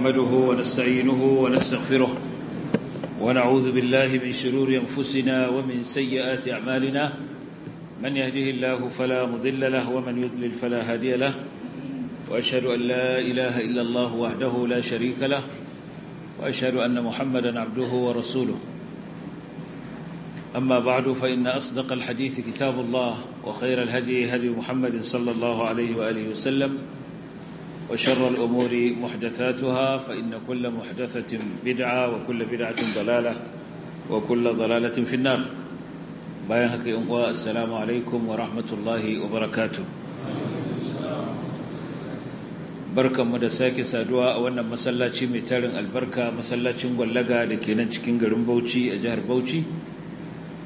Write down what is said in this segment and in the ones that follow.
نحمده ونستعينه ونستغفره ونعوذ بالله من شرور أنفسنا ومن سيئات أعمالنا من يهده الله فلا مضل له ومن يضلل فلا هادي له وأشهد أن لا إله إلا الله وحده لا شريك له وأشهد أن محمدا عبده ورسوله أما بعد فإن أصدق الحديث كتاب الله وخير الهدي هدي محمد صلى الله عليه وآله وسلم وشر الأمور محدثاتها فإن كل محدثة بدعة وكل بدعة ضلالة وكل ضلالة في النار بايهك يمقى السلام عليكم ورحمة الله وبركاته barkan mu da sake saduwa a wannan masallaci mai tarin albarka masallacin gwallaga da ke nan cikin garin Bauchi a jihar Bauchi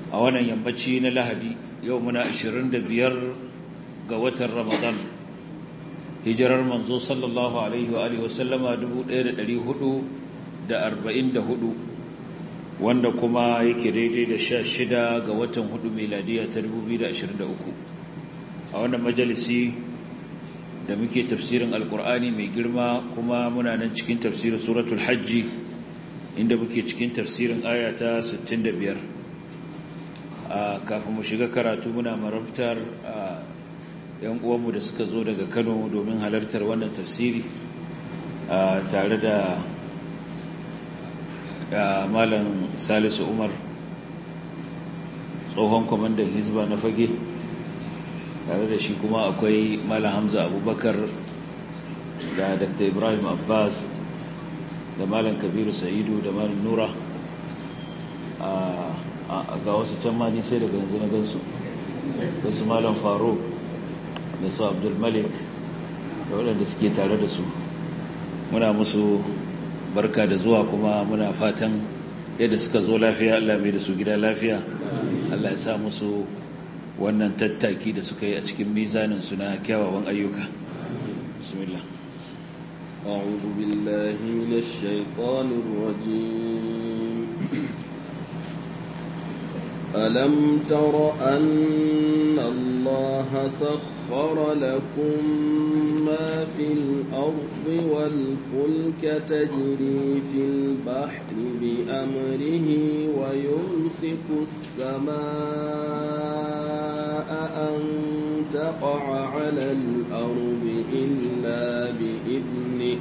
a wannan yammaci na Lahadi yau muna biyar ga watan Ramadan hijirar manzo sallallahu alaihi wa alihi wasallama 1444 wanda kuma yake daidai da 16 ga watan 4 miladiya ta 2023 a wannan majalisi da muke tafsirin alkur'ani mai girma kuma muna nan cikin tafsirin suratul hajji inda muke cikin tafsirin sittin da 65 kafin mu shiga karatu muna marabtar yan uwanmu da suka zo daga kano domin halartar wannan tafsiri tare da malam salisu umar tsohon kwamandan hizba na fage tare da shi kuma akwai malam hamza abubakar da dr ibrahim abbas da malam kabiru sa'idu da malam nura ga wasu can ma sai daga yanzu na gansu su malam faruk da su abdulmalik da waɗanda suke tare da su muna musu barka da zuwa kuma muna fatan yadda suka zo lafiya allah mai da su gida lafiya allah ya sa musu wannan tattaki da suka yi a cikin mizanin na kyawawan ayyuka bismillah أعوذ بالله من الشيطان الرجيم ألم تر أن الله سخر لكم ما في الأرض والفلك تجري في البحر بأمره ويمسك السماء أن تقع على الأرض إلا بإذنه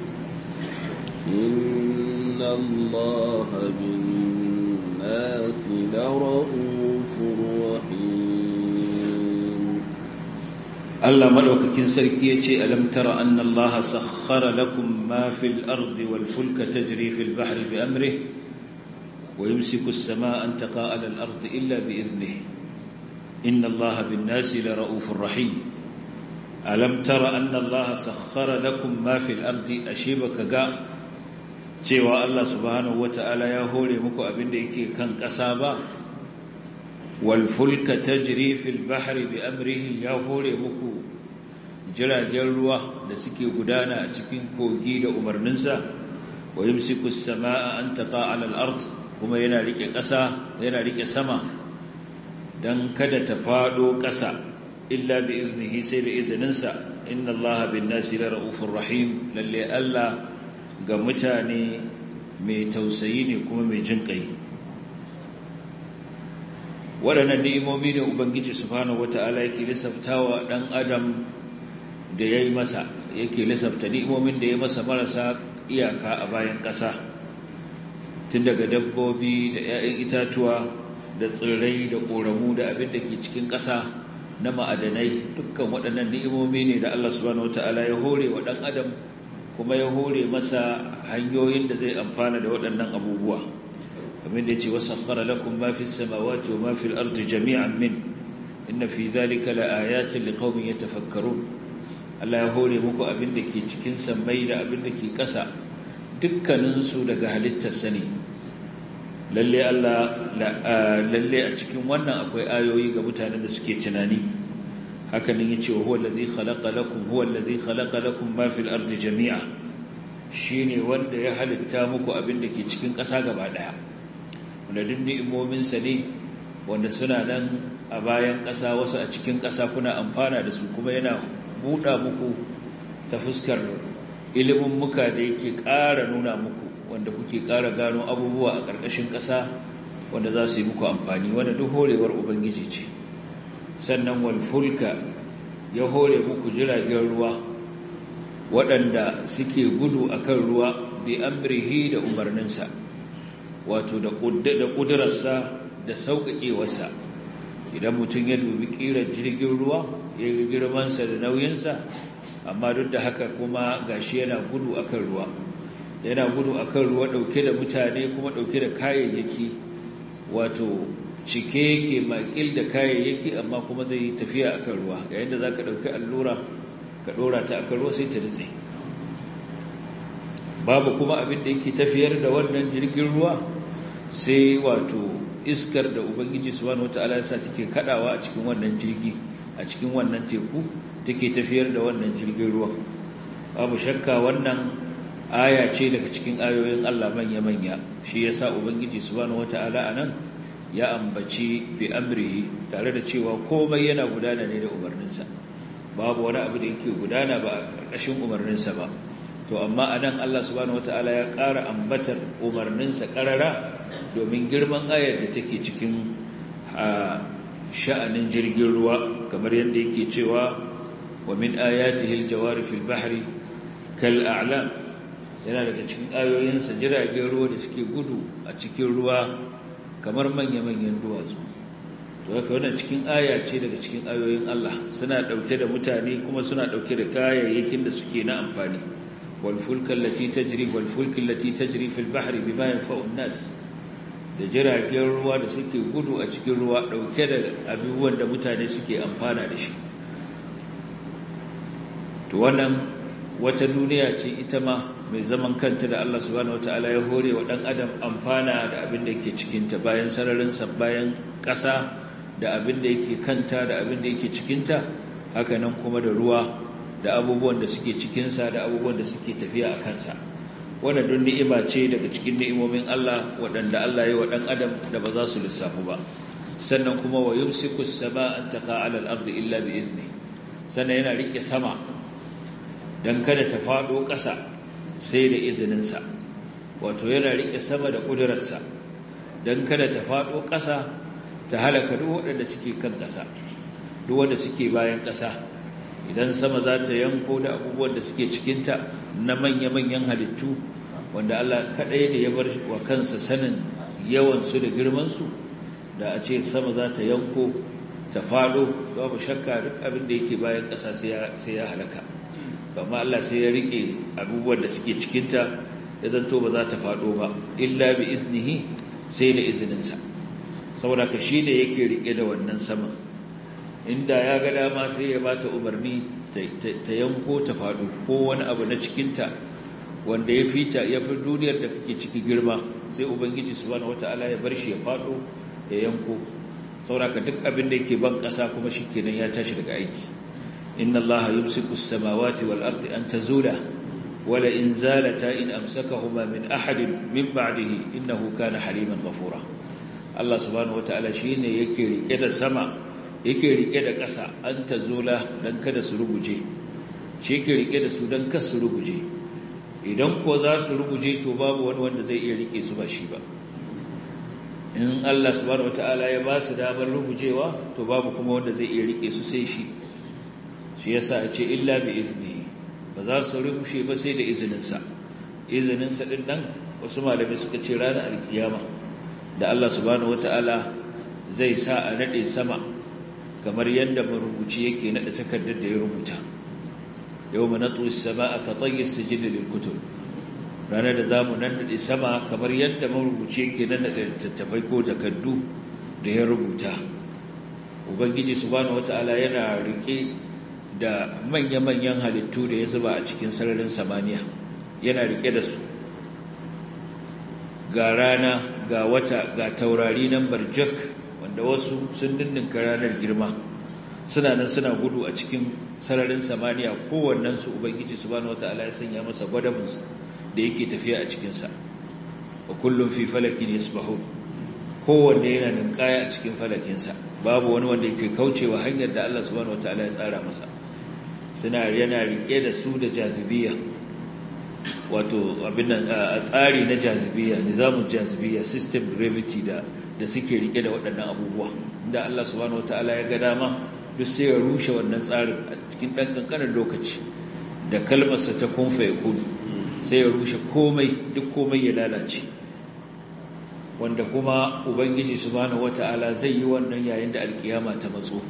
إن الله بالنسبة الناس لرؤوف رحيم الله ملوك سركي يجي ألم ترى أن الله سخر لكم ما في الأرض والفلك تجري في البحر بأمره ويمسك السماء أن تقاء على الأرض إلا بإذنه إن الله بالناس لرؤوف رحيم ألم ترى أن الله سخر لكم ما في الأرض أشيبك قام cewa Allah subhanahu wata'ala ya hore muku abin da yake kan ƙasa ba wal fulka tajri fil bahri bi amrihi ya hore muku jiragen ruwa da suke gudana a cikin kogi da umarninsa wa yumsiku as-samaa an taqa'a 'ala al-ard kuma yana rike ƙasa yana rike sama dan kada ta fado ƙasa illa bi iznihi sai da izininsa inna allaha bin nasi la ra'ufur rahim lalle Allah ga mutane mai tausayi ne kuma mai jin kai waɗannan ni'imomi ne ubangiji subhanahu wata'ala yake lissaftawa ɗan adam da ya yi masa yake lissafta ni'imomin da ya masa marasa iyaka a bayan ƙasa tun daga dabbobi da 'ya'yan itatuwa da tsirrai da ƙoramu da abin da ke cikin ƙasa na ma'adanai dukkan waɗannan ni'imomi ne da Allah subhanahu wata'ala ya hore wa ɗan adam kuma ya hore masa hanyoyin da zai amfana da waɗannan abubuwa kamar da ya ce wasakhara lakum mafi samawati wa mafi fi jami'an min inna fi dhalika laayatin ya tafakkaru. Allah ya hore muku abin da ke cikin sammai da abin da ke ƙasa dukkaninsu daga halittar sani lalle lalle a cikin wannan akwai ayoyi ga mutanen da suke tunani haka nan ce huwa allazi khalaqa lakum huwa allazi khalaqa lakum ma jami'a shine wanda ya halitta muku abin da ke cikin ƙasa gaba daya wanda duk ne wanda suna nan a bayan ƙasa wasu a cikin ƙasa kuna amfana da su kuma yana buɗa muku ta fuskar ilimin muka da yake ƙara nuna muku wanda kuke ƙara gano abubuwa a ƙarƙashin ƙasa wanda za su yi muku amfani wanda duk horewar ubangiji ce sannan walfulka ya hore muku jiragen ruwa waɗanda suke gudu a kan ruwa bi amrihi da umarninsa wato da ƙudurarsa da sauƙaƙewarsa idan mutum ya dubi ƙirar jirgin ruwa ya yi girmansa da nauyinsa amma duk da haka kuma gashi yana gudu a kan ruwa yana gudu a kan ruwa ɗauke da mutane kuma ɗauke da kayayyaki wato cike ke makil da kayayyaki amma kuma zai yi tafiya kan ruwa yayin da za ka ɗauki allura ka ɗora ta a kan ruwa sai ta nutse babu kuma abin da yake tafiyar da wannan jirgin ruwa sai wato iskar da ubangiji subhanahu wataala ya sa take kaɗawa a cikin wannan jirgi a cikin wannan teku take tafiyar da wannan jirgin ruwa babu shakka wannan aya ce daga cikin ayoyin Allah manya manya shi yasa ubangiji subhanahu wataala anan ya ambaci bi amrihi tare da cewa komai yana gudana ne da umarninsa babu wani abu da yake gudana ba a ƙarƙashin umarninsa ba to amma anan Allah subhanahu wataala ya ƙara ambatar umarninsa ƙarara domin girman ayar da take cikin sha'anin jirgin ruwa kamar yadda yake cewa wa min ayatihi aljawari fil bahri kal a'lam yana daga cikin ayoyinsa jiragen ruwa da suke gudu a cikin ruwa kamar manya-manyan duwatsu to haka wannan cikin aya ce daga cikin ayoyin Allah suna dauke da mutane kuma suna dauke da kayayyakin da suke na amfani wal fulkal lati tajri wal fulkal lati tajri fil bahri bima yanfa'u nas da jiragen ruwa da suke gudu a cikin ruwa dauke da abubuwan da mutane suke amfana da shi to wannan wata duniya ce ita ma mai zaman kanta da Allah subhanahu wataala ya hore wa ɗan adam amfana da abin da yake cikinta bayan sararin bayan ƙasa da abin da yake kanta da abin da yake cikinta haka nan kuma da ruwa da abubuwan da suke cikinsa da abubuwan da suke tafiya a kansa wannan duk ni'ima ce daga cikin ni'imomin Allah waɗanda Allah ya wa ɗan adam da ba za su lissafu ba sannan kuma wa yumsiku as an taqa'a 'ala al-ardi illa bi izni sannan yana rike sama don kada ta faɗo ƙasa sai da izininsa wato yana riƙe sama da ƙudurarsa don kada ta faɗo ƙasa ta halaka duk waɗanda suke kan ƙasa duk wanda suke bayan ƙasa idan sama za ta yanko da abubuwan da suke cikinta na manya-manyan halittu wanda Allah kaɗai da ya bar wa kansa sanin yawansu da girmansu da a ce sama za ta yanko ta faɗo babu shakka duk abin da yake bayan ƙasa sai ya halaka amma Allah sai ya rike abubuwan da suke cikinta ya zanto ba za ta faɗo ba illa bi iznihi sai da izininsa saboda ka shi ne yake rike da wannan saman inda ya ga dama sai ya bata umarni ta yanko ta faɗo ko wani abu na cikinta wanda ya fita ya fi duniyar da kake ciki girma sai ubangiji subhanahu wataala ya bar shi ya faɗo ya yanko saboda ka duk abin da yake ban ƙasa kuma shikenan ya tashi daga aiki inna allaha yumsiku as-samawati wal ardi an tazula wa la in ta in amsakahuma min ahadin min ba'dihi innahu kana haliman ghafura Allah subhanahu wata'ala shine yake rike da sama yake rike da ƙasa an tazula dan kada su rubuje shi yake rike da su dan kada su rubuje idan ko za su rubuje to babu wani wanda zai iya rike su ba shi ba in Allah subhanahu wata'ala ya ba su damar rubujewa to babu kuma wanda zai iya rike su sai shi shi yasa a ce illa bi izini. ba za su rushe ba sai da izininsa izininsa ɗin nan wasu malami suka ce ranar alkiyama da Allah subhanahu wataala zai sa a naɗe sama kamar yadda marubuci yake naɗa takardar da ya rubuta yau ma as-samaa ka tayyi sijil lil kutub ranar da zamu naɗe sama kamar yadda marubuci yake da tattabai ko takardu da ya rubuta ubangiji subhanahu wataala yana rike da manya-manyan halittu da ya zuba a cikin sararin samaniya yana rike da su ga rana ga wata ga taurari nan barjak wanda wasu sun dindinka ranar girma suna nan suna gudu a cikin sararin samaniya su ubangiji wata ala ya sanya masa gwadaminsa da yake tafiya a cikinsa A kullum fi falakin bahu. kowanne yana ninkaya a cikin falakinsa babu wani wanda yake kaucewa hanyar da Allah subhanahu ala ya tsara masa suna yana rike da su da jazibiya wato abin a tsari na jazibiya nizamun jazibiya system gravity da da suke rike da waɗannan abubuwa inda Allah subhanahu wataala ya ga dama duk sai ya rushe wannan tsarin a cikin ɗan kankanin lokaci da kalmarsa ta kunfa ya kunu sai ya rushe komai duk komai ya lalace wanda kuma ubangiji subhanahu wataala zai yi wannan yayin da alkiyama ta matso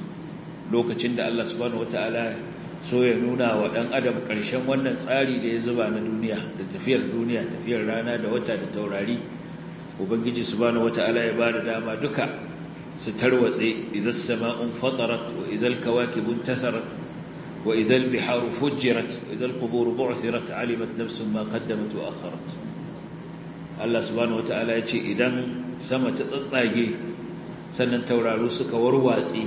lokacin da Allah subhanahu wataala so ya nuna wa ɗan adam ƙarshen wannan tsari da ya zuba na duniya da tafiyar duniya tafiyar rana da wata da taurari ubangiji subhanahu wata'ala ya bada dama duka su tarwatse idan sama'un fatarat wa idan kawakibun tasarat wa idan biharu fujirat wa idan qubur bu'thirat alimat nafsun ma qaddamat wa akharat Allah subhanahu wata'ala ya ce idan sama ta tsatsage sannan tauraro suka warwatse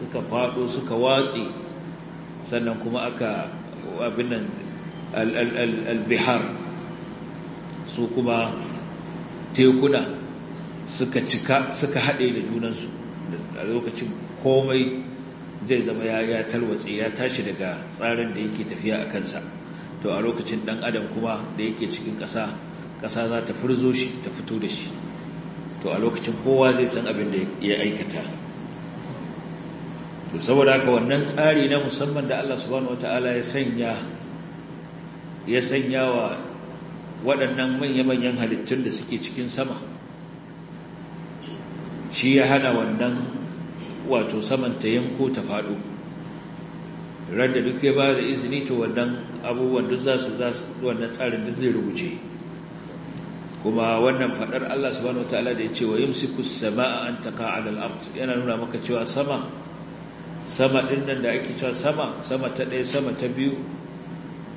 suka faɗo suka watse sannan kuma aka abinan albihar su kuma tekuna suka cika suka haɗe da junansu a lokacin komai zai zama ya ya talwatse ya tashi daga tsarin da yake tafiya a kansa to a lokacin ɗan adam kuma da yake cikin ƙasa ƙasa za ta furzo shi ta fito da shi to a lokacin kowa zai san abin da ya aikata to saboda haka wannan tsari na musamman da Allah subhanahu wataala ya sanya ya sanya wa waɗannan manya-manyan halittun da suke cikin sama shi ya hana wannan wato saman ta yanko ta faɗo radda duk ya ba da izini to wannan abubuwan duk za su wannan tsarin duk zai rubuce kuma wannan faɗar Allah subhanahu wataala da ya ce wa yumsiku as-samaa an taqa'a 'ala al yana nuna maka cewa sama sama ɗin nan da ake cewa sama sama ta ɗaya sama ta biyu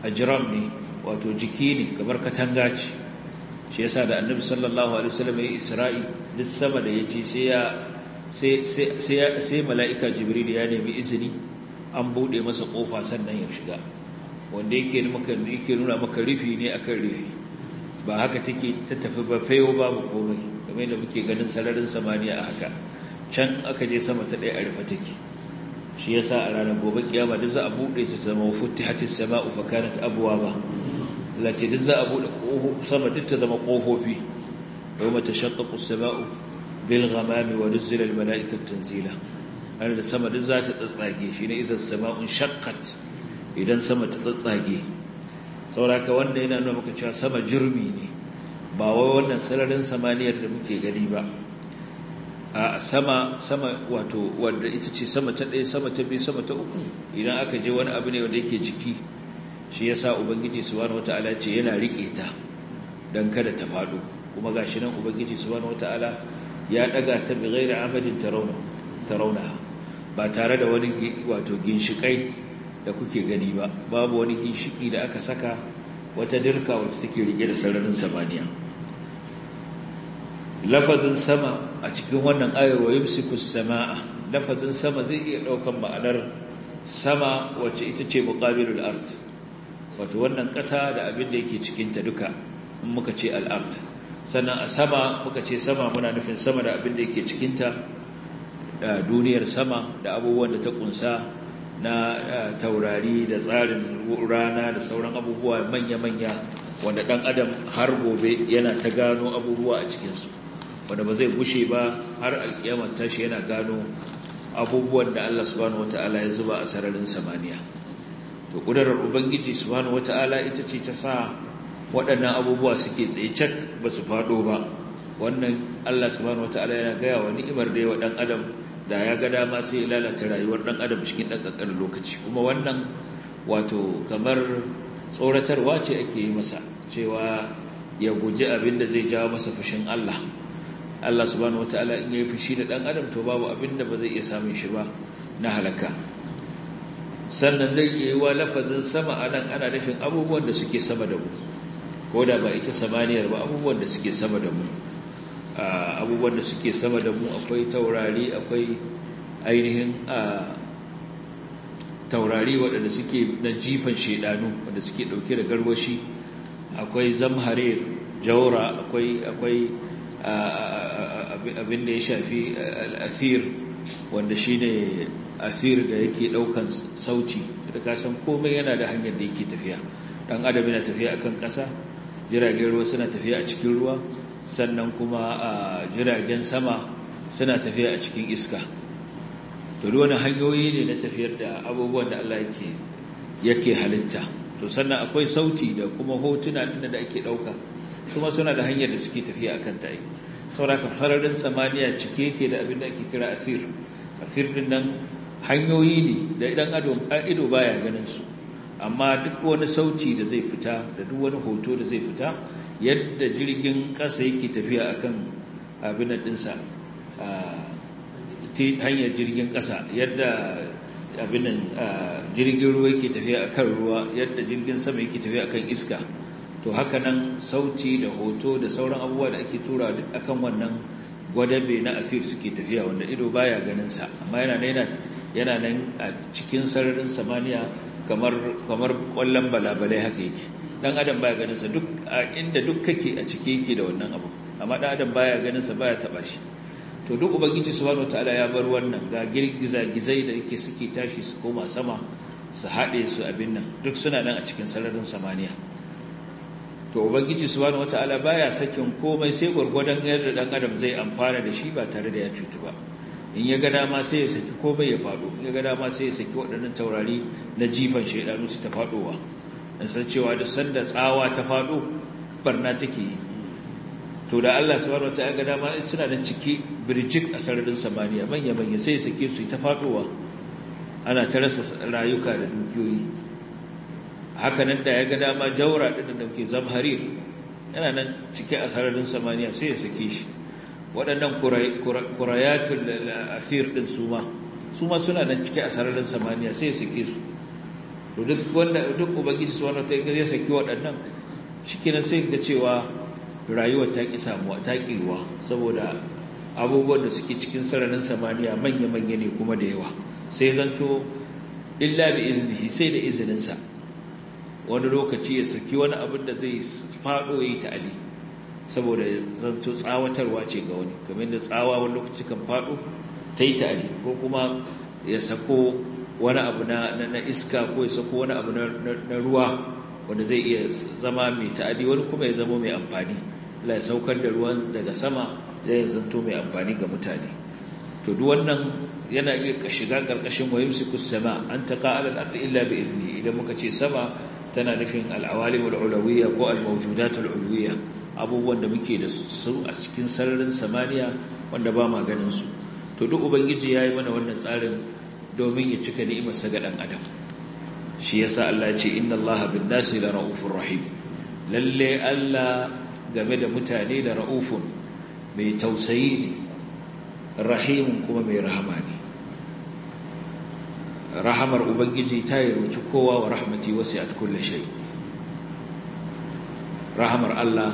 a jiran ne wato jiki ne kamar katanga ce shi yasa da annabi sallallahu alaihi wasallam ya isra'i duk sama da ya ce sai mala'ika jibril ya nemi izini an buɗe masa ƙofa sannan ya shiga wanda yake nuna maka rufi ne akan rufi ba haka take ta tafi ba fayo babu komai kamar da muke ganin sararin samaniya a haka can aka je sama ta ɗaya a rufe take shi ya sa a ranar gobe kiyama duk za a buɗe ta zama sama sama'u fa kanat ba, lati duk za a buɗe sama duk ta zama kofofi yawma tashaqqaqu as-sama'u bil ghamami wa nuzila al mala'ikatu tanzila har da sama duk za ta tsatsage shi ne idan un shaqqat idan sama ta tsatsage sauraka wanda yana nuna maka cewa sama jirmi ne ba wai wannan sararin samaniyar da muke gani ba a sama sama wato wanda ita ce sama ta ɗaya sama ta biyu sama ta uku idan aka je wani abu ne wanda yake jiki shi ya sa ubangiji subhanahu wataala ce yana riƙe ta don kada ta faɗo kuma ga shi nan ubangiji subhanahu wataala ya ɗaga ta bi ghairi amadin tarawna ba tare da wani wato ginshikai da kuke gani ba babu wani ginshiki da aka saka wata dirka wacce take riƙe da sararin samaniya lafazin sama a cikin wannan ayar wa yumsikus samaa lafazin sama zai iya daukan ma'anar sama wacce ita ce muqabilul ard wato wannan ƙasa da abin da yake cikin ta duka in muka ce al ard sannan a sama muka ce sama muna nufin sama da abin da yake cikin ta da duniyar sama da abubuwan da ta kunsa na eh, taurari da tsarin rana da sauran abubuwa manya-manya wanda ɗan adam har gobe yana ta gano abubuwa a cikinsu wanda ba zai bushe ba har alkiyamar tashi yana gano abubuwan da Allah subhanahu wata'ala ya zuba a sararin samaniya to kudarar ubangiji subhanahu wata'ala ita ce ta sa waɗannan abubuwa suke tsaye cak ba su faɗo ba wannan Allah subhanahu wata'ala yana gaya wa ni'imar da yawa ɗan adam da ya ga dama sai ya lalata rayuwar ɗan adam cikin ɗan ƙanƙanin lokaci kuma wannan wato kamar tsoratarwa ce ake yi masa cewa ya guji abin da zai jawo masa fushin Allah Allah subhanahu wataala in yayi fushi da dan adam to babu abinda ba zai iya samun shi ba na halaka sannan zai iya wa lafazin sama anan ana nufin abubuwan da suke sama da mu ko da ba ita samaniyar ba abubuwan da suke sama da mu abubuwan da suke sama da mu akwai taurari akwai ainihin taurari waɗanda suke na jifan shedanu waɗanda suke ɗauke da garwashi akwai zamharir jaura akwai akwai abin da ya shafi eh, al'asir wanda shi ne asir da yake ɗaukan sauci da kasan komai yana da hanyar da yake tafiya ɗan adam yana tafiya a kan ƙasa jiragen ruwa suna tafiya a cikin ruwa sannan kuma jiragen sama suna tafiya a cikin iska to wani hanyoyi ne na tafiyar da abubuwan da Allah yake halitta to sannan akwai sauti da kuma hotuna ɗin da ake ɗauka su ma suna da hanyar da suke tafiya a kan ta'i ka fararin samaniya cike ke da abin da ake kira asir asir din nan hanyoyi ne da idan ido baya ganin su amma duk wani sauti da zai fita da duk wani hoto da zai fita yadda jirgin kasa yake tafiya akan abin da ta hanyar jirgin kasa yadda abin jirgin ruwa yake tafiya akan ruwa yadda jirgin sama yake tafiya akan iska to haka nan sauti da hoto da sauran abubuwa da ake tura akan wannan gwadabe na asir suke tafiya wanda ido baya ganin sa amma yana nan yana nan a cikin sararin samaniya kamar kamar kwallon balabalai haka yake dan adam baya ganin sa duk a inda duk kake a ciki yake da wannan abu amma dan adam baya ganin sa baya taba shi to duk ubangiji subhanahu wataala ya bar wannan ga girgiza gizai da yake suke tashi su koma sama su haɗe su abin nan duk suna nan a cikin sararin samaniya to ubangiji subhanahu wataala baya sakin komai sai gurgurdan yadda dan adam zai amfana da shi ba tare da ya cutu ba in ya ga dama sai ya saki komai ya fado in ya ga dama sai ya saki waɗannan taurari na jifan shaidanu su ta fadowa an san cewa da sanda tsawa ta fado barna take yi to da Allah subhanahu wataala ga dama suna da ciki birjik a sararin samaniya manya manya sai ya sake su ta fadowa ana ta rasa rayuka da dukiyoyi haka nan da ya ga dama jaura ɗin da ke zamharir yana nan cike a sararin samaniya sai ya sake shi waɗannan kurayatun asir ɗin su ma su ma suna nan cike a sararin samaniya sai ya sake su duk wanda duk ubangiji su wanda ta ya sake waɗannan shi kenan sai ga cewa rayuwar ta ƙi samuwa ta ƙiwa saboda abubuwan da suke cikin sararin samaniya manya-manya ne kuma da yawa sai zanto illa bi iznihi sai da izininsa wani lokaci ya saki wani abin da zai faɗo ya yi ta'adi saboda zanto tsawatarwa ce ga wani kamar da tsawa wani lokaci kan faɗo ta yi ta'adi ko kuma ya sako wani abu na iska ko ya sako wani abu na ruwa wanda zai iya zama mai ta'adi wani kuma ya zama mai amfani la saukar da ruwan daga sama zai zanto mai amfani ga mutane to duk wannan yana iya shiga karkashin wayimsikus sama an taqa ala al illa bi izni idan muka ce sama tana nufin al'awalimul ulawiyya ko al-mawjudatul abubuwan da muke da su a cikin sararin samaniya wanda ba ma ganin su to duk ubangiji ya yi mana wannan tsarin domin ya cika ni'imarsa ga ɗan adam shi yasa Allah ce inna Allaha bin nasi la rahim lalle Allah game da mutane da raufun mai tausayi ne rahimun kuma mai rahama ne rahamar ubangiji ta yarwaci kowa wa rahmati wasu wasi'at kulli shai. rahamar Allah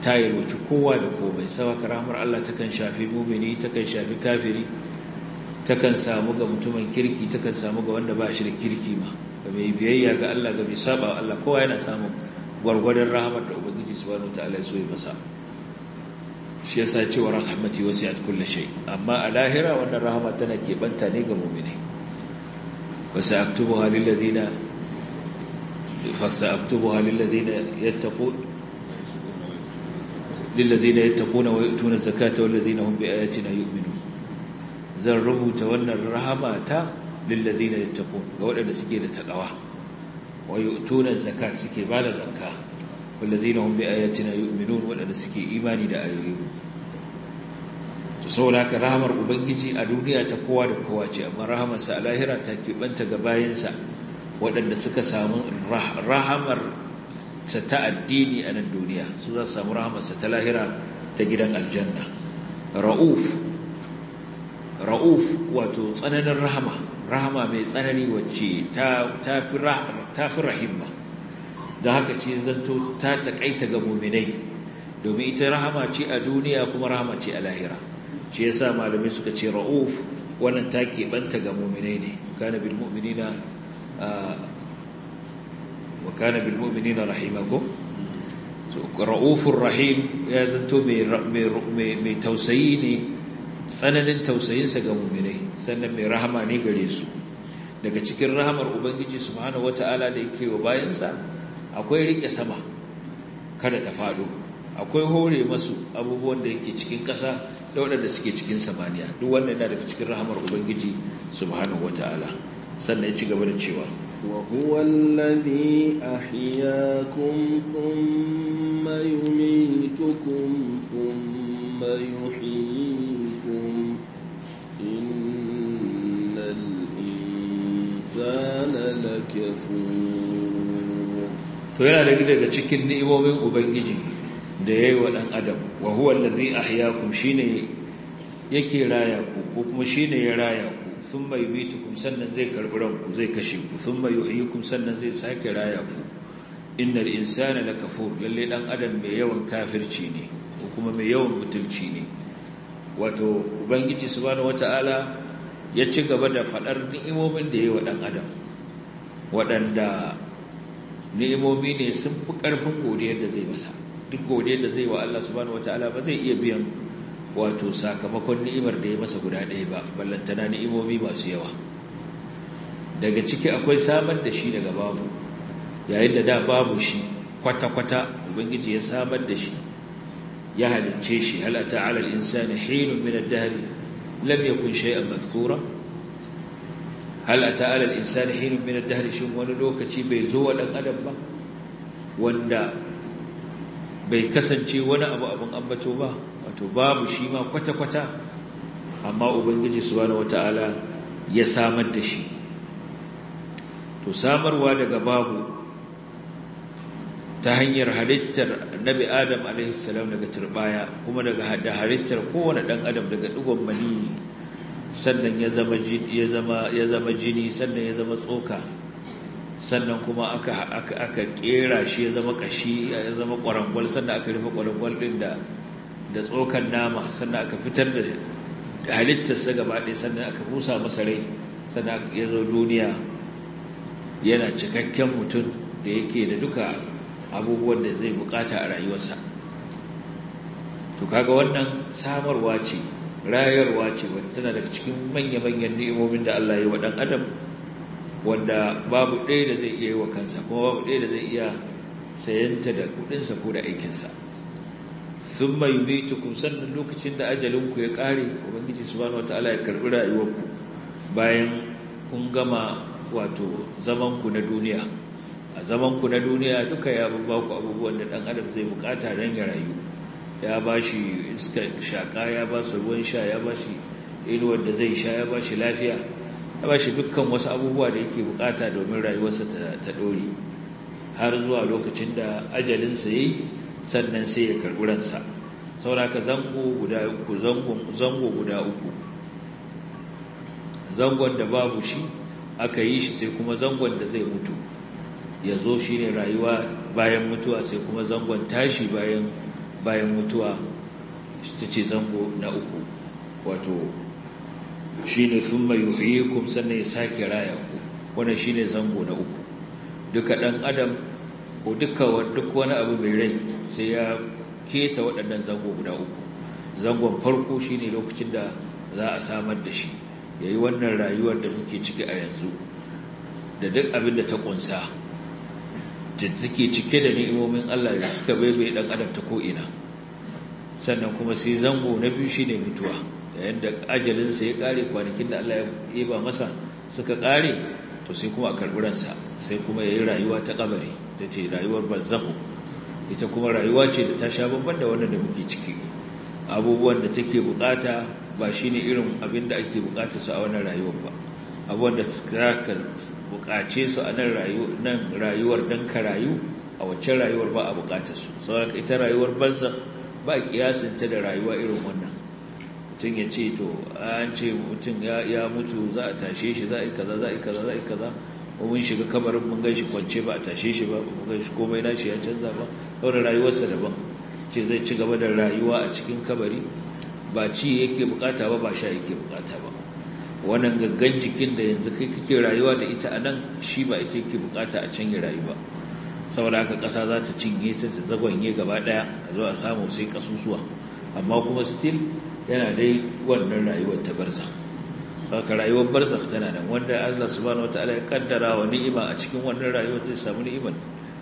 ta yarwaci kowa da komai saboda rahamar Allah ta kan shafi mu'mini kan shafi kafiri ta kan samu ga mutumin kirki ta kan samu ga wanda ba shi da kirki ma ga mai biyayya ga Allah ga mai saba Allah kowa yana samun gwargwadon rahamar da ubangiji subhanahu wataala ya so ya masa shi yasa cewa rahmati wasi'at kulli shai. amma a lahira wannan rahama tana keɓanta ne ga mu'mini فسأكتبها للذين فسأكتبها للذين يتقون للذين يتقون ويؤتون الزكاة والذين هم بآياتنا يؤمنون zan rubuta wannan rahama ta lillazina yattaqun ga waɗanda suke da takawa wa yu'tuna zakat suke bada zakka wallazina hum bi ayatina yu'minun waɗanda suke imani da ayoyin to saboda haka rahamar ubangiji a duniya ta kowa da kowa ce amma rahamarsa a lahira ta keɓanta ga bayansa waɗanda suka samu rahamar sa ta addini a nan duniya su za su samu rahamarsa ta lahira ta gidan aljanna ra'uf ra'uf wato tsananin rahama rahama mai tsanani wacce ta fi rahimma da haka ce zanto ta taƙaita ga muminai domin ita rahama ce a duniya kuma rahama ce a lahira shi yasa malamai suka ce ra'uf wannan ta keɓanta ga muminai ne wakana bil rahima ko ra'ufur rahim ya zanto mai tausayi ne tsananin tausayinsa ga muminai sannan mai rahama ne gare su daga cikin rahamar ubangiji subhanahu wata'ala da yake wa bayansa akwai rike sama kada ta faɗo akwai hore masu abubuwan da yake cikin ƙasa da waɗanda suke cikin samaniya duk wanda yana da cikin rahamar ubangiji subhanahu ta'ala sannan ya ci gaba da cewa Wa huwa alladhi ahyaakum thumma yumeetukum thumma yuhyikum innal insana lakafur to yana daga cikin ni'imomin ubangiji da ya yi wa ɗan adam wa huwa allazi ahyaakum shine yake raya ku ko kuma shine ya raya ku sun mai bitu kun sannan zai karɓi ranku zai kashe ku sun yi kun sannan zai sake raya ku da insana kafo lalle ɗan adam mai yawan kafirci ne ko kuma mai yawan mutulci ne wato ubangiji bani wataala ya ci gaba da faɗar ni'imomin da ya yi wa ɗan adam waɗanda ni'imomi ne sun fi ƙarfin godiyar da zai masa duk godiyar da zai wa Allah subhanahu wataala ba zai iya biyan wato sakamakon ni'imar da ya masa guda ɗaya ba ballantana ni'imomi masu yawa daga ciki akwai samar da shi daga babu yayin da da babu shi kwata-kwata ubangiji ya samar da shi ya halicce shi halata alal insani hinun min ad-dahr lam yakun shay'an mazkura halata alal insani hinun min ad-dahr shin wani lokaci bai zo wa dan adam ba wanda bai kasance wani abu abin ambato ba wato babu shi ma kwata-kwata amma ubangiji su subhanahu wata'ala ya samar da shi to samarwa daga babu ta hanyar halittar nabi adam a.s. daga turbaya kuma daga da halittar kowane ɗan adam daga ɗigon mani sannan ya zama jini sannan ya zama tsoka sannan kuma aka kera shi ya zama kashi ya zama kwarangwal sannan aka rufe kwarangwal din da da tsokan nama sannan aka fitar da halittarsa gaba ɗaya sannan aka busa masa rai sannan ya zo duniya yana cikakken mutum da yake da duka abubuwan da zai bukata a rayuwarsa to kaga wannan samarwa ce rayarwa ce wadda tana daga cikin manya-manyan ni'imomin da Allah ya wa ɗan adam wanda babu ɗaya da zai iya yi wa kansa kuma babu ɗaya da zai iya sayanta da kuɗinsa ko da aikinsa sun mai yi cikin sannan lokacin da ajalinku ya ƙare ubangiji su bani wata'ala ya karɓi rayuwarku bayan kun gama wato zamanku na duniya a zamanku na duniya duka ya babba ku abubuwan da ɗan adam zai buƙata don ya rayu ya ba shi iska shaƙa ya ba su ruwan sha ya ba shi inuwar da zai sha ya ba shi lafiya ta ba shi dukkan wasu abubuwa da yake bukata domin rayuwarsa ta dore har zuwa lokacin da ajalinsa ya yi sannan sai ya karɓi ransa sauraka zango guda uku zango guda uku zangon da babu shi aka yi shi sai kuma zangon da zai mutu ya zo shi ne rayuwa bayan mutuwa sai kuma zangon tashi bayan mutuwa ta ce zango na uku wato shine mai yuhyikum sannan ya sake raya ku wannan shine zango na uku duka dan adam ko duka duk wani abu mai rai sai ya keta waɗannan zango guda uku zangon farko shine lokacin da za a samar da shi yayi wannan rayuwar da muke ciki a yanzu da duk abin da ta ƙunsa, da take cike da ni'imomin Allah da suka bai ɗan adam ta ko'ina. sannan kuma sai zango na biyu shine mutuwa yayin da ajalinsa ya kare kwanakin da Allah ya ba masa suka ƙare?' to sai kuma a karɓi sai kuma ya yi rayuwa ta kabari ta ce rayuwar barzahu ita kuma rayuwa ce da ta sha babban da wannan da muke ciki abubuwan da take bukata ba shi ne irin abin da ake bukata su a wannan rayuwar ba abubuwan da suka bukace su a nan rayuwar don ka rayu a waccan rayuwar ba a bukata su saboda ita rayuwar barzakh ba kiyasinta da rayuwa irin wannan mutum ya ce to an ce mutum ya mutu za a tashe shi za a yi kaza za a yi kaza za a yi kaza mun shiga kamarin mun gan shi kwance ba a tashe shi ba mun gan shi komai na shi ya canza ba kawai rayuwarsa daban ce zai ci gaba da rayuwa a cikin kabari ba ci yake bukata ba ba sha yake bukata ba wannan gaggan jikin da yanzu kai kake rayuwa da ita a nan shi ba ita yake bukata a can ya rayu ba saboda haka ƙasa za ta cinye ta ta zagwanye gaba ɗaya a zo a samu sai ƙasusuwa amma kuma still yana dai wannan rayuwar ta barzakh saka rayuwar barzakh tana nan wanda Allah subhanahu wataala ya kaddara wa ni'ima a cikin wannan rayuwar zai samu ni'imar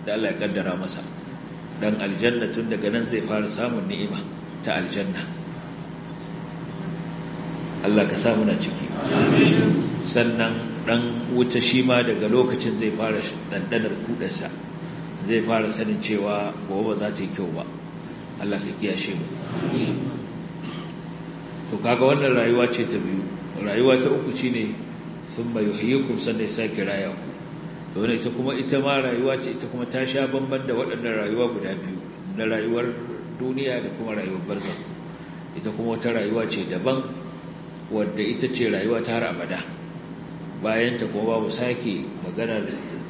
da Allah ya kaddara masa dan aljanna tun daga nan zai fara samun ni'ima ta aljanna Allah ka sa na ciki sannan dan wuta shi ma daga lokacin zai fara dandanar kudarsa zai fara sanin cewa gobe ba za ta yi kyau ba Allah ka kiyashe mu to kaga wannan rayuwa ce ta biyu rayuwa ta uku shine thumma yuhyikum sannan sai kiraya ku to wannan ita kuma ita ma rayuwa ce ita kuma ta sha bamban da waɗannan rayuwa guda biyu na rayuwar duniya da kuma rayuwar barzakh ita kuma wata rayuwa ce daban wadda ita ce rayuwa ta har abada bayan ta kuma babu sake maganar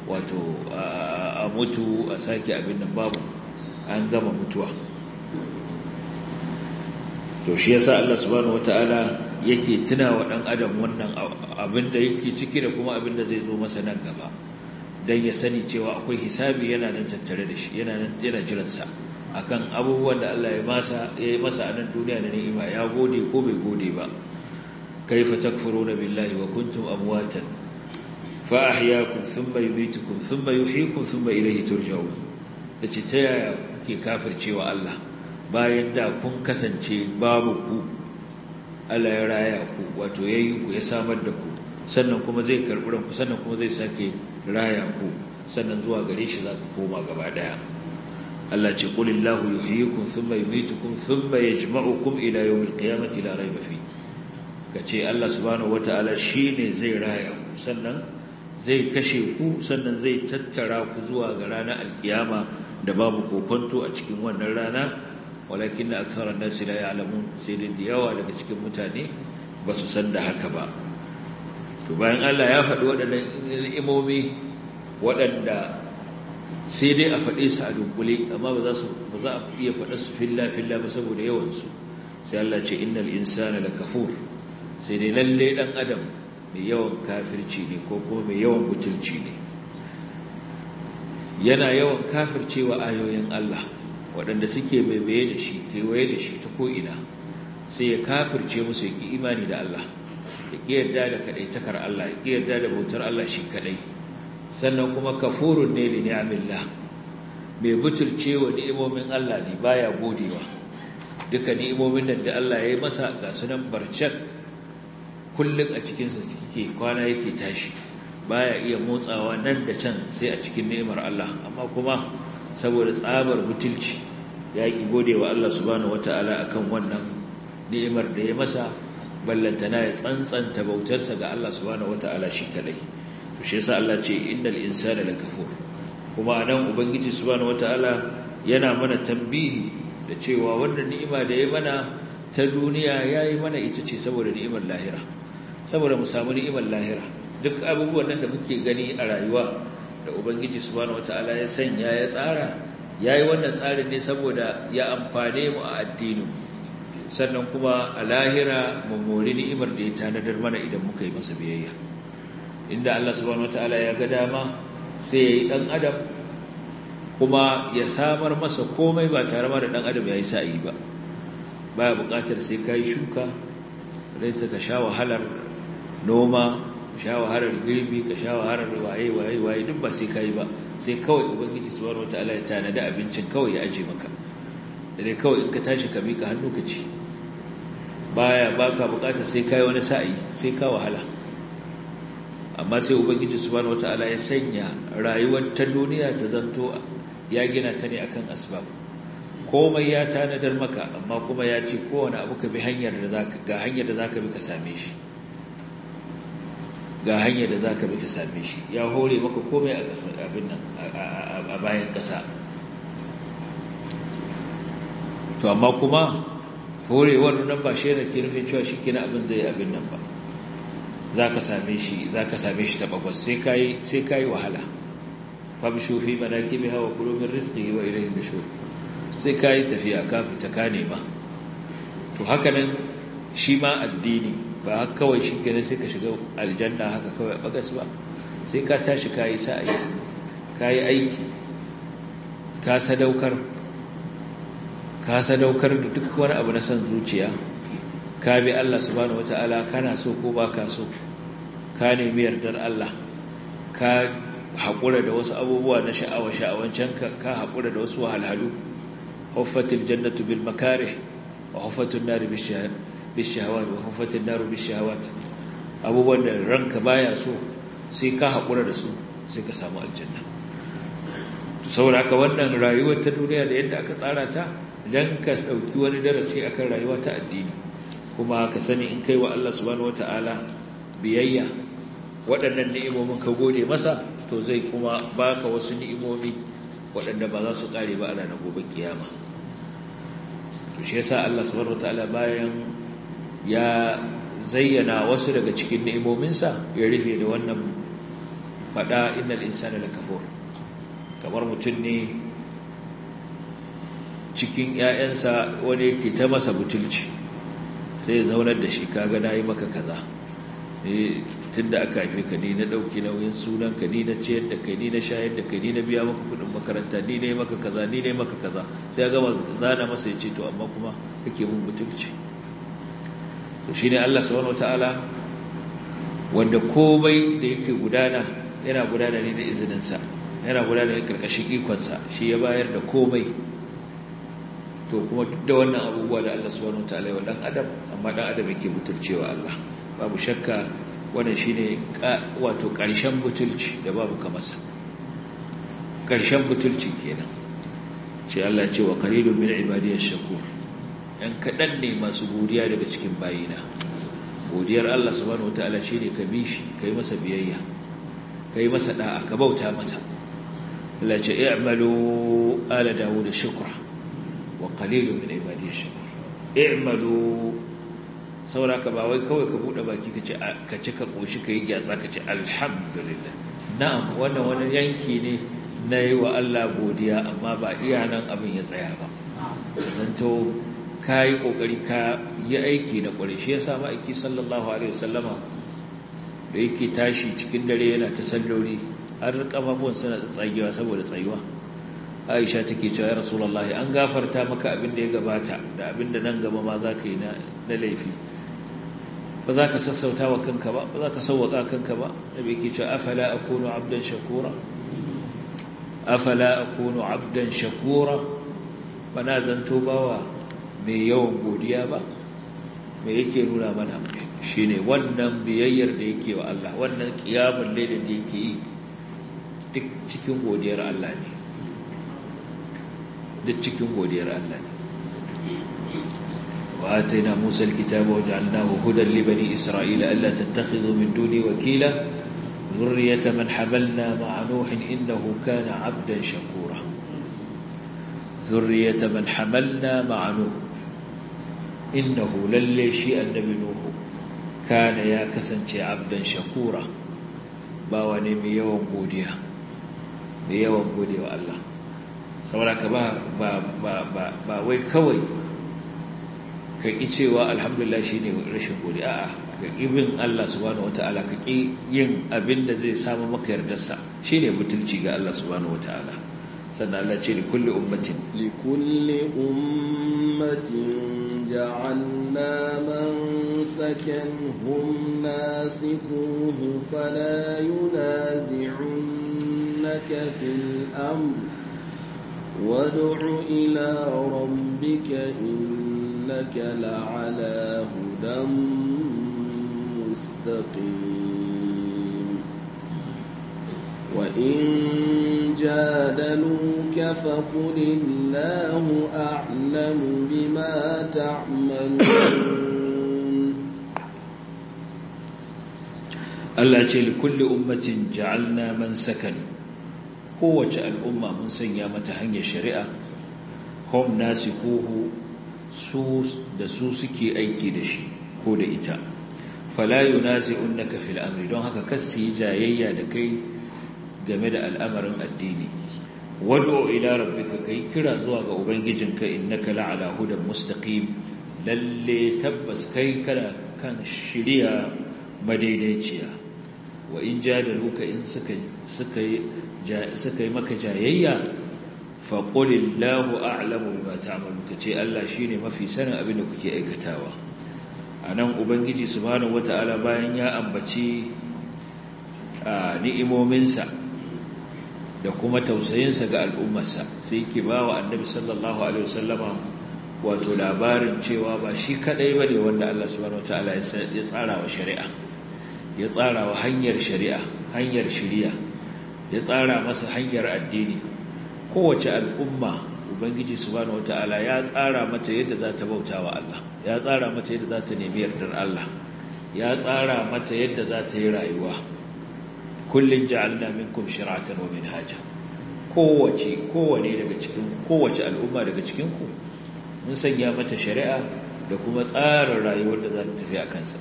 wato a mutu a sake abin nan babu an gama mutuwa to shi yasa Allah subhanahu wataala yake tuna wa dan adam wannan abin da yake ciki da kuma abin da zai zo masa nan gaba dan ya sani cewa akwai hisabi yana nan tattare da shi yana nan yana jiran sa akan abubuwan da Allah ya masa ya yi masa a nan duniya da ni'ima ya gode ko bai gode ba kaifa takfuruna billahi wa kuntum amwatan fa ahyaakum thumma yumitukum thumma yuhyikum thumma ilayhi turja'un da ce ta yaya kuke kafircewa Allah bayan da kun kasance babu ku Allah ya raya ku wato ya yi ku ya samar da ku sannan kuma zai karɓi ranku sannan kuma zai sake raya ku sannan zuwa gare shi za ku koma gaba daya Allah ce kulillahu yuhyikum thumma yumitukum thumma yajma'ukum ila yawmil qiyamati la rayba fi kace Allah subhanahu wataala shine zai raya ku sannan zai kashe ku sannan zai tattara ku zuwa ga ranar alkiyama da babu kokonto a cikin wannan rana walakin da aksarar nasi la ya'lamun sai da yawa daga cikin mutane ba su san da haka ba to bayan Allah ya faɗi waɗannan imomi waɗanda sai dai a faɗe su a dunkule amma ba za a iya faɗa su filla filla ba saboda yawansu sai Allah ce innal insana kafur sai dai lalle ɗan adam mai yawan kafirci ne ko kuma mai yawan butulci ne yana yawan kafircewa ayoyin Allah waɗanda suke baibaye da shi waye da shi ta ko'ina sai ya kafirce musu ya imani da Allah ya ki yarda da kaɗai takar Allah ya ki yarda da bautar Allah shi kaɗai sannan kuma kafurun ne da ni'amillah mai butulce wa ni'imomin Allah ne ba ya godewa duka ni'imomin da Allah ya yi masa ga sunan barcak kullum a cikinsa suke kwana yake tashi ba ya iya motsawa nan da can sai a cikin ni'imar Allah amma kuma saboda tsabar butulci ya ki gode wa Allah subhanahu wataala akan wannan ni'imar da ya masa ballantana ya tsantsanta bautarsa ga Allah subhanahu wataala shi kadai to shi yasa Allah ce innal insana lakafur kuma nan ubangiji subhanahu wataala yana mana tambihi da cewa wannan ni'ima da ya mana ta duniya yayi mana ita ce saboda ni'imar lahira saboda mu samu ni'imar lahira duk abubuwan nan da muke gani a rayuwa da ubangiji subhanahu wataala ya sanya ya tsara ya yi wannan tsarin ne saboda ya amfane mu a addinin sannan kuma a lahira mu mori ni'imar da ya tanadar mana idan muka yi masa biyayya inda Allah subhanahu wataala ya ga dama sai ya yi dan adam kuma ya samar masa komai ba tare ma da dan adam ya yi sa'i ba baya buƙatar sai kai shuka rai ta ka sha wahalar noma ka sha wahalar girbi ka sha wahalar waye waye waye duk ba sai kai ba sai kawai ubangiji subhanahu wataala ya tanada abincin kawai ya aje maka dare kawai in ka tashi ka mika hannu ka ci baya baka bukatar sai kai wani sa'i sai ka wahala amma sai ubangiji subhanahu wataala ya sanya rayuwar ta duniya ta zanto ya gina ta ne akan asbab komai ya tanadar maka amma kuma ya ce kowane abu ka bi hanyar da zaka ga hanyar da zaka bi ka same shi ga hanyar da za ka bi ta same shi ya hore maka komai a abin nan a bayan ƙasa to amma kuma horewar nan ba shi ke nufin cewa shi kina abin zai abin nan ba za ka same shi za ka same shi bakwas sai ka yi wahala shufi mana ki bi hawa kurumin riski wa da nushur sai ka yi tafiya ka fita ka nema to haka nan shi ma addini ba kawai shi kenan sai ka shiga aljanna haka kawai bagas ba sai ka tashi ka yi sa'ayi ka yi aiki ka sadaukar ka sadaukar da duk wani abu na son zuciya ka bi Allah subhanahu wata'ala kana so ko ba ka so ka nemi yardar Allah ka haƙura da wasu abubuwa na sha'awa sha'awancanka ka haƙura da wasu wahalhalu huffatil jannatu bil makarih wa huffatun nari bishawar wa hufatin naru bishawar abubuwan da ranka baya so sai ka haƙura da su sai ka samu aljanna saboda haka wannan rayuwar ta duniya da yadda aka tsara ta don ka ɗauki wani darasi akan rayuwa ta addini kuma ka sani in kai wa Allah subhanahu wataala biyayya waɗannan ni'imomin ka gode masa to zai kuma baka wasu ni'imomi waɗanda ba za su ƙare ba a ranar gobe kiyama to shi yasa Allah subhanahu wataala bayan ya zayyana wasu daga cikin ni'imominsa ya rufe da wannan faɗa innal insana kafo. kamar mutum ne cikin 'ya'yansa wani yake ta masa butulci sai ya zaunar da shi kaga na yi maka kaza eh, tun da aka haife ka ni na ɗauki nauyin sunan ni na ciyar da kai ni na shayar da kai ni na biya maka kuɗin makaranta ni ne maka kaza ni ne maka kaza sai ya gama zana masa ya ce to amma kuma kake mun butulci to shine Allah subhanahu wataala wanda komai da yake gudana yana gudana ne da izininsa, yana gudana ne karkashin ikonsa, shi ya bayar da komai to kuma duk da wannan abubuwa da Allah subhanahu wataala ya ɗan adam amma dan adam yake mutuncewa Allah babu shakka wannan shine wato ƙarshen butulci da babu kamarsa. ƙarshen butulci kenan ce Allah ce wa qalilun min ibadiyar shakur yan kaɗan ne masu godiya daga cikin bayina godiyar Allah subhanahu wataala ne ka bi shi yi masa biyayya ka yi masa ɗa'a. ka bauta masa lace ce i'malu ala da shukra wa qalilun min ibadiy shakur i'malu Saura ka ba kawai ka buɗe baki ka ce ka ƙoshi ka yi gyatsa ka ce alhamdulillah na'am wannan wani yanki ne na yi wa Allah godiya amma ba iya nan abin ya tsaya ba zanto ka yi ƙoƙari ka yi aiki na ƙwarai shi ya sa aiki sallallahu alaihi wasallama da yake tashi cikin dare yana ta salloli har ƙafafuwan suna tsagewa saboda tsayuwa aisha take cewa ya rasulullahi an gafarta maka abin da ya gabata da abin da nan gaba ma za ka yi na laifi ba za ka sassauta wa kanka ba ba za ka sauwaƙa kanka ba da bai ke cewa afala a kono abdan shakura afala a kono abdan shakura ba na zanto bawa mai yawan godiya ba me yake nuna mana shine wannan biyayyar da yake wa Allah wannan kiyamun lailin da yake yi duk cikin godiyar Allah ne duk cikin godiyar Allah ne wa atayna Musa alkitaba waja'alnahu hudan li bani Isra'ila alla tattakhidhu min duni wakila dhurriyyata man hamalna ma'a nuhin innahu kana 'abdan shakura dhurriyyata man hamalna ma'a nuh innahu lalle shi annabi nuhu kana ya kasance abdan shakura bawa ne mai yawan godiya mai yawan Allah saboda ka ba ba ba wai kawai ka ki cewa alhamdulillah shine rashin godiya a ka ibin Allah subhanahu wataala ka ki yin abin da zai samu maka yardarsa shine mutunci ga Allah subhanahu wataala sannan Allah ce likulli ummatin likulli ummatin ja'alna man sakanhum nasikuhu fala yunazi'unka fil amr wad'u ila rabbika innaka la'ala hudan mustaqim وإن جادلوك فقل الله أعلم بما تعملون الله ce لكل ummatin جعلنا من sakan" kowace al'umma mun sanya mata hanyar shari'a hom nasi kohu da su suke aiki da shi ko da ita falayu zai unnaka fil amri don haka kasu sayi jayayya da kai game da al'amarin addini wad'u ila rabbika kai kira zuwa ga ubangijinka innaka la'ala hudan mustaqim lalle tabbas kai kana kan shiriya madaidaiciya wa in jadaluka in suka suka suka yi maka jayayya fa qulillahu a'lamu bima ta'malu kace Allah shine mafi sanin abin da kuke aikatawa anan ubangiji subhanahu wataala bayan ya ambaci ni'imominsa da kuma tausayinsa ga al'ummarsa sai ke ba wa annabi sallallahu alaihi wasallama wato labarin cewa ba shi kadai ne wanda Allah subhanahu wataala ya tsara wa shari'a ya tsara wa hanyar shari'a hanyar shirya ya tsara masa hanyar addini kowace al'umma ubangiji subhanahu wataala ya tsara mata yadda za ta bauta wa Allah ya tsara mata yadda za ta nemi yardar Allah ya tsara mata yadda za ta yi rayuwa kullun ja'alna minkum shir'atan wa minhaja kowace kowane daga cikin kowace al'umma daga cikin ku mun sanya mata shari'a da kuma tsarin rayuwar da za ta tafi a kansa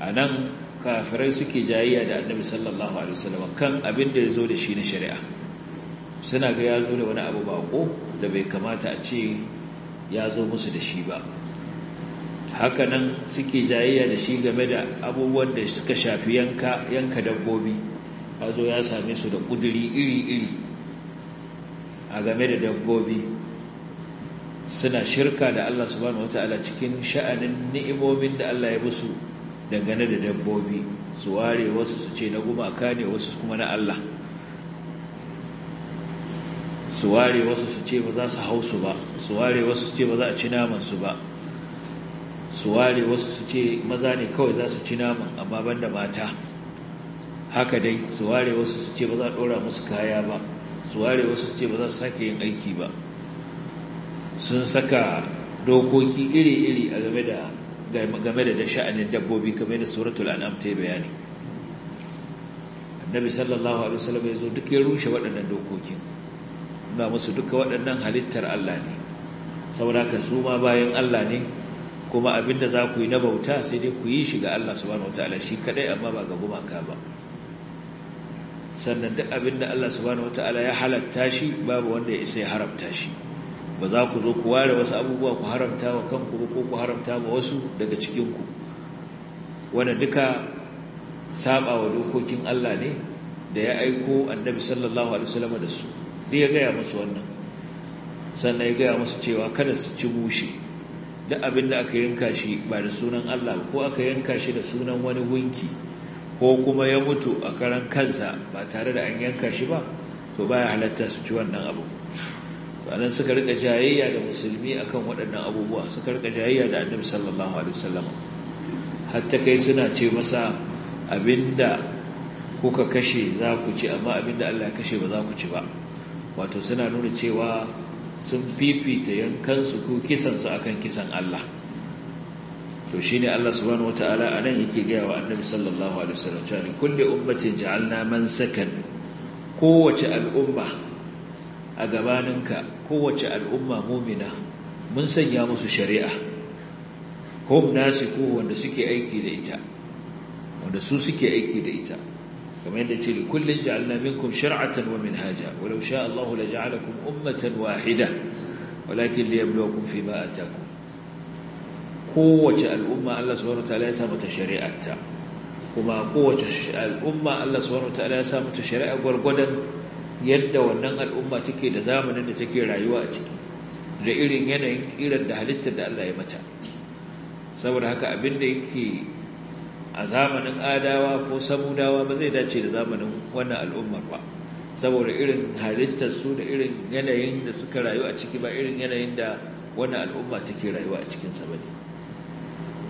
anan kafirai suke jayayya da annabi sallallahu alaihi wasallam kan abin da yazo da shi na shari'a suna ga yazo da wani abu bako da bai kamata a ce yazo musu da shi ba Haka nan, suke jayayya da shi game da abubuwan da suka shafi yanka yanka dabbobi ya zo ya same su da ƙuduri iri-iri a game da dabbobi suna shirka da Allah subhanahu wata'ala cikin sha'anin ni'imomin da Allah ya musu dangane da dabbobi su ware wasu su ce na gumaka ne wasu kuma na Allah su ware wasu su ce ba za su hau su ba su ware wasu su ce ba za a ci naman su ba su ware wasu su ce maza ne kawai za su ci naman amma banda mata haka dai su ware wasu su ce ba za a ɗora musu kaya ba su ware wasu su ce ba za su sake yin aiki ba sun saka dokoki iri-iri a game da game da sha'anin dabbobi kamar da suratul an ta bayani annabi sallallahu alaihi wasallam ya zo duk ya rushe waɗannan dokokin na musu duka waɗannan halittar Allah ne saboda ka su ma bayan Allah ne kuma abinda za ku yi na bauta sai dai ku yi shi ga Allah subhanahu wataala shi kadai amma ba ga gumaka ba sannan duk abin da Allah subhanahu wataala ya halatta shi babu wanda ya isa ya haramta shi ba za ku zo ku ware wasu abubuwa ku haramta wa kanku ba ko ku haramta wa wasu daga cikinku wanda duka saba wa dokokin Allah ne da ya aiko annabi sallallahu alaihi wasallam da su dai ya gaya musu wannan sannan ya gaya musu cewa kada su ci bushe duk abin da aka yanka shi ba da sunan Allah ko aka yanka shi da sunan wani gunki ko kuma ya mutu a karan kansa ba tare da an yanka shi ba to baya halatta su ci wannan abu to anan suka rika jayayya da musulmi akan waɗannan abubuwa suka rika jayayya da annabi sallallahu alaihi wasallam hatta kai suna ce masa abinda kuka kashe za ku ci amma abinda Allah ya kashe ba za ku ci ba wato suna nuna cewa sun fifita yankansu ko kisan su akan kisan Allah to shi ne Allah subhanahu a nan yake gaya wa annabi sallallahu alaihi wasallam cewa kulli ummatin ja'alna man sakan kowace al'umma a gabaninka kowace al'umma mu'mina mun sanya musu shari'a hum nasiku wanda suke aiki da ita wanda su suke aiki da ita kamar yadda ce kullun ja'alna minkum shar'atan wa minhaja walau sha Allahu la ja'alakum ummatan wahida walakin liyabluwakum ma ataakum kowace al'umma Allah subhanahu ta'ala ya samu ta shari'arta kuma kowace al'umma Allah subhanahu ta'ala ya samu ta shari'a gwargwadon yadda wannan al'umma take da zamanin da take rayuwa a ciki da irin yanayin kiran da halittar da Allah ya mata saboda haka abin da yake a zamanin adawa ko samudawa ba zai dace da zamanin wannan al'ummar ba saboda irin halittar su da irin yanayin da suka rayu a ciki ba irin yanayin da wannan al'umma take rayuwa a cikin sabani